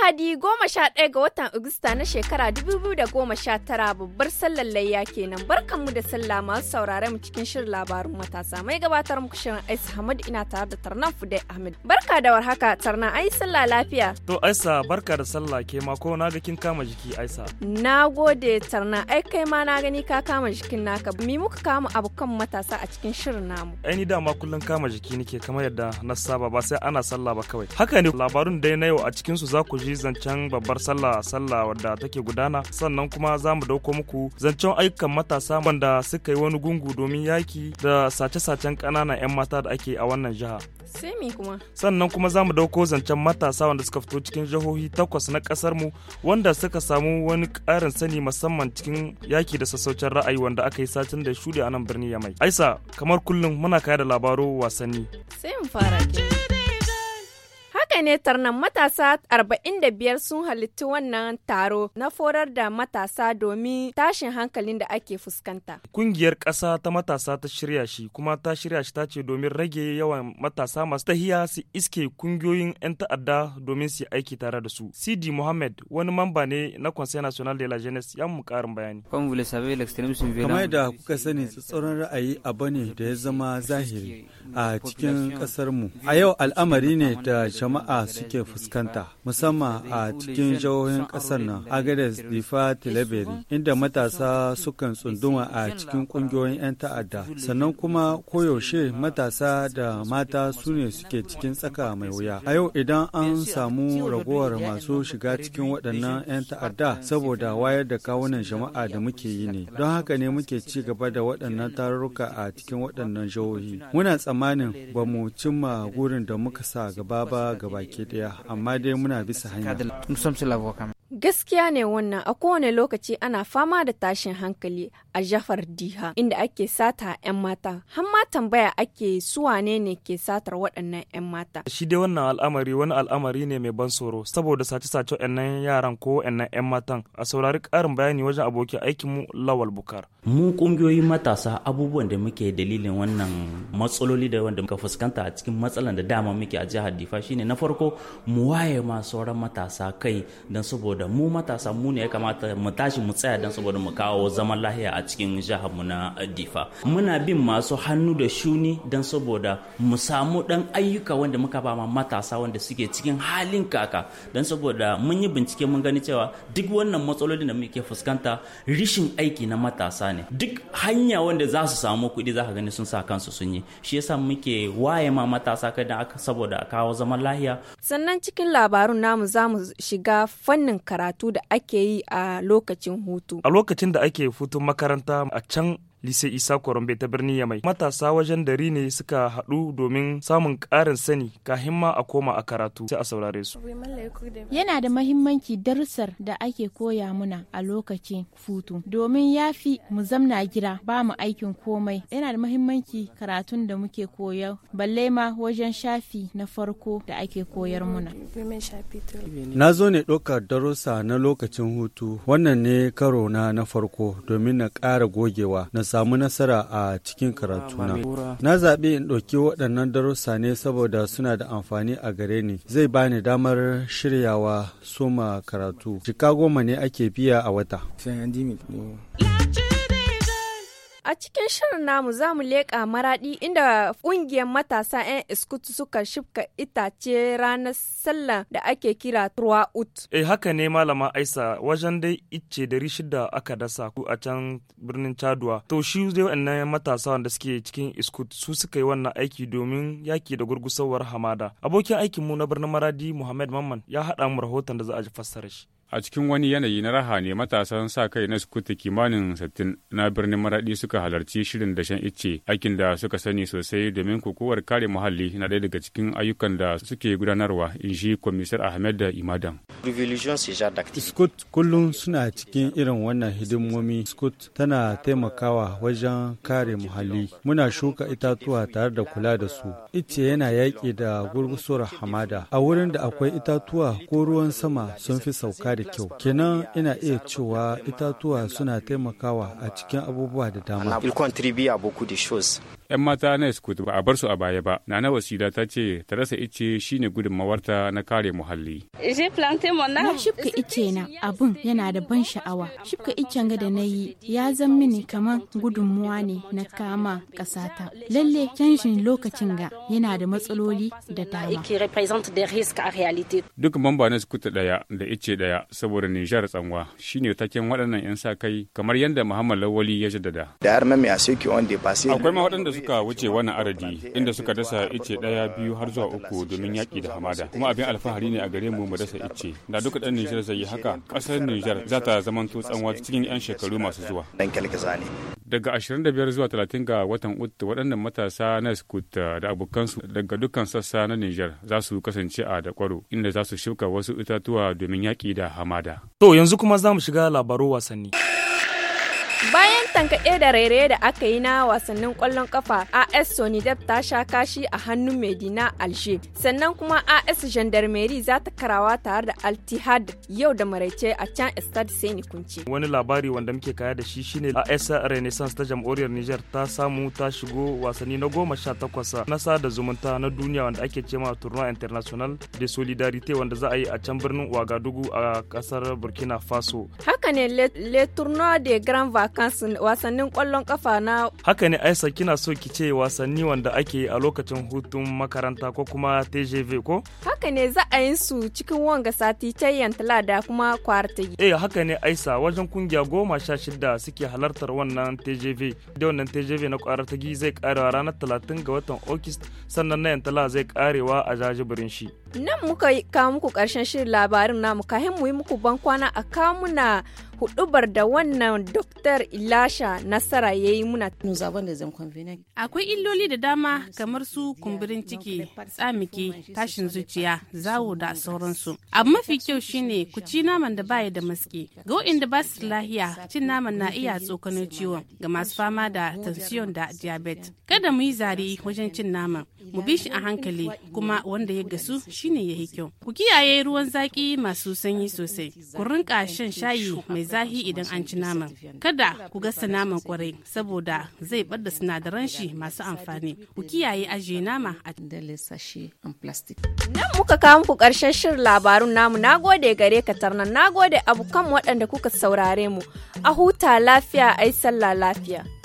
Lahadi goma sha ɗaya ga watan Agusta na shekara dubu biyu da goma sha tara babbar sallar layya kenan barkanmu da sallah masu saurare mu cikin shirin labarun matasa mai gabatar muku shirin Aisha Hamad ina tare da Tarnan Fudai Ahmed. Barka da warhaka Tarnan ai sallah lafiya. To Aisha barka da sallah ke ma ko na ga kin kama jiki Aisha. Na gode tarnan ai kai ma na gani ka kama jikin naka mi muka kama abokan matasa a cikin shirin namu. Ai ni dama kullum kama jiki nike kamar yadda na saba ba sai ana sallah ba kawai. Haka ne labarun dai na yau a cikin su za ku ji zancen babbar sallah sallah wadda take gudana sannan kuma za mu dauko muku zancen ayyukan matasa wanda suka yi wani gungu domin yaki da sace-sacen ƙananan 'yan mata da ake a wannan jiha. Sannan kuma za mu dauko zancen matasa wanda suka fito cikin jihohi takwas na ƙasar mu wanda suka samu wani ƙarin sani musamman cikin yaki da sassaucin ra'ayi wanda aka yi satin da shuɗe a nan birnin Yamai. Aisa kamar kullum muna kaya da labaro wasanni. Sai mu fara ke. haka ne tarnan matasa arba'in da biyar sun halittu wannan taro na forar da matasa domin tashin hankalin da ake fuskanta. Kungiyar ƙasa ta matasa ta shirya shi kuma ta shirya shi ta ce domin rage yawan matasa masu tahiya su iske kungiyoyin 'yan ta'adda domin su aiki tare da su. Sidi Mohammed wani mamba ne na Conseil National de la Jeunesse ya mu karin bayani. Kamar da kuka sani tsatsauran ra'ayi a ne da ya zama zahiri a cikin mu. A yau al'amari ne da jama'a jama'a suke fuskanta musamman a cikin jihohin ƙasar nan Agades, Difa, Tilaberi inda matasa sukan tsunduma a cikin ƙungiyoyin 'yan ta'adda sannan kuma koyaushe matasa da mata su ne suke cikin tsaka mai wuya. A yau idan an samu ragowar masu shiga cikin waɗannan 'yan ta'adda saboda wayar da kawunan jama'a da muke yi ne don haka ne muke ci gaba da waɗannan tarurruka a cikin waɗannan jihohi. Muna tsammanin ba mu cimma gurin da muka sa gaba ba gaba baki daya amma dai muna bisa hanya Gaskiya ne wannan a kowane lokaci ana fama da tashin hankali a Jafar Diha inda ake sata 'yan mata. Har ma tambaya ake su wane ne ke satar waɗannan 'yan mata. Shi dai wannan al'amari wani al'amari ne mai ban tsoro saboda sace-sace 'yan yaran ko 'yan 'yan matan a saurari ƙarin bayani wajen abokin mu Lawal Bukar. Mu ƙungiyoyin matasa abubuwan da muke dalilin wannan matsaloli da wanda muka fuskanta a cikin matsalan da dama muke a jihar Difa shine na farko mu waye ma sauran matasa kai don saboda mu matasa mu ne ya kamata mu tashi mu tsaya don saboda mu kawo zaman lahiya a cikin jihar mu na difa muna bin masu hannu da shuni don saboda mu samu dan ayyuka wanda muka ba ma matasa wanda suke cikin halin kaka don saboda mun yi bincike mun gani cewa duk wannan matsalolin da muke fuskanta rishin aiki na matasa ne duk hanya wanda za su samu kuɗi za ka gani sun sa kansu sun yi shi yasa muke waye ma matasa kada saboda a kawo zaman lahiya sannan cikin labarun namu za mu shiga fannin karatu karatu da ake yi a lokacin hutu. A lokacin da ake hutun makaranta a can lise isa kwarambe ta ya yamai matasa wajen dari ne suka haɗu domin samun ƙarin sani ka ma a koma a karatu sai a saurare su yana da mahimmanci darussar da ake koya muna a lokacin futu domin ya fi mu zamna gida ba mu aikin komai yana da mahimmanci karatun da muke koya balle ma wajen shafi na farko da ake koyar muna na zo ne ɗaukar darussa na lokacin hutu wannan ne karo na na farko domin na ƙara gogewa na samu nasara a cikin karatuna. Na zaɓi in ɗauki waɗannan darussa ne saboda suna da amfani a gare ni. Zai bani damar shiryawa soma karatu. chicago goma ne ake biya a wata. A cikin shirin namu za mu leƙa maraɗi inda ƙungiyar matasa 'yan iskutu suka shifka itace ranar sallah da ake kira ut E eh, haka ne malama Aisa wajen dai ice dari shida aka dasa ku a can birnin Chaduwa. To shi dai wannan matasa wanda suke cikin iskut su suka yi wannan aiki domin yaki da gurgusawar hamada. Abokin aikinmu na birnin Maradi Muhammad Mamman ya haɗa mu rahoton da za a fassara shi. a cikin wani yanayi na raha ne matasan sa kai na sukuta kimanin sattin na birnin maradi suka halarci shirin dashen icce aikin da suka sani sosai domin kokowar kare muhalli na ɗaya daga cikin ayyukan da suke gudanarwa in shi komisar ahmed da imadan scott kullum suna cikin irin wannan hidimomi. scott tana taimakawa wajen kare muhalli. Muna shuka itatuwa tare da kula da su. Ice yana yaƙi da gurgusuwar hamada. A wurin da akwai itatuwa ko ruwan sama sun fi sauka da kyau. Kenan ina iya cewa itatuwa suna taimakawa a cikin abubuwa da dama. 'Yan mata na Iskut ba a bar su a baya ba. Nana Wasila ta ce ta rasa ice shine gudunmawarta na kare muhalli. Na shifka ice na abun yana da ban sha'awa. Shifka icen ga da na yi ya zan mini kamar gudunmuwa ne na kama ƙasata. Lalle canjin lokacin ga yana da matsaloli da dama. Duk mamba na Iskut ɗaya da ice ɗaya saboda Nijar tsanwa shine taken waɗannan 'yan sa kai kamar yadda Muhammad Lawali ya jaddada. Akwai ma waɗanda suka wuce wannan aradi inda suka dasa ice daya biyu har zuwa uku domin yaƙi da hamada kuma abin alfahari ne a gare mu mu dasa ice da duka dan Nijar zai yi haka kasar Nijar za ta zamanto tsanwa cikin yan shekaru masu zuwa daga 25 zuwa 30 ga watan ut waɗannan matasa na skut da abokansu daga dukkan sassa na Nijar za su kasance a dakwaro inda za su shuka wasu itatuwa domin yaƙi da hamada. To yanzu kuma za mu shiga labaru wasanni. Bayan tankaɗe da rairaye da aka yi na wasannin ƙwallon kafa AS Sonidep ta sha kashi a hannun Medina Alshe. Sannan kuma AS Gendarmerie za ta karawa tare da Altihad yau da maraice a can Estad Seni Kunce. Wani labari wanda muke kaya da shi shine AS Renaissance ta jamhuriyar Niger ta samu ta shigo wasanni na goma sha takwas na da zumunta na duniya wanda ake cema Tournoi International de solidarite wanda za a yi a can birnin Ouagadougou a kasar Burkina Faso. Haka ne Le, Tournoi de Grand Vacances kan wasannin kwallon kafa na haka ne aisa kina so ki ce wasanni wanda ake a lokacin hutun makaranta ko kuma tjv ko haka ne za a yin su cikin wanga sati tayyan talada kuma kwarta eh haka ne aisa wajen kungiya goma sha shida suke halartar wannan tjv da wannan tjv na kwarta zai karewa ranar talatin ga watan august sannan na yantala zai karewa a jajibirin shi nan muka kawo muku karshen shirin labarin namu kahin mu yi muku ban kwana a kamuna Kuɗubar da wannan Dr. Ilasha Nasara ya yi muna. Akwai illoli da dama kamar su kumburin ciki, tsamike, tashin zuciya, zawo da sauransu. Abu mafi kyau shine ku ci naman da baya da maske. Ga waɗanda ba su lahiya, cin naman na iya tsokano ciwon ga masu fama da tansiyon da diabetes. Kada mu yi zare wajen cin naman. Mu bi shi a hankali kuma wanda ya gasu shine ya yi kyau. Ku kiyaye ruwan zaki masu sanyi sosai. Ku rinka shan shayi mai zahi idan an ci naman kada ku gasa naman kwarai saboda zai bar da sinadaran shi masu amfani ku kiyaye ajiye nama a nan muka kawo muku karshen shirin labarun namu nagode gare ka tarnan nagode kan waɗanda kuka saurare mu a huta lafiya ai sallah lafiya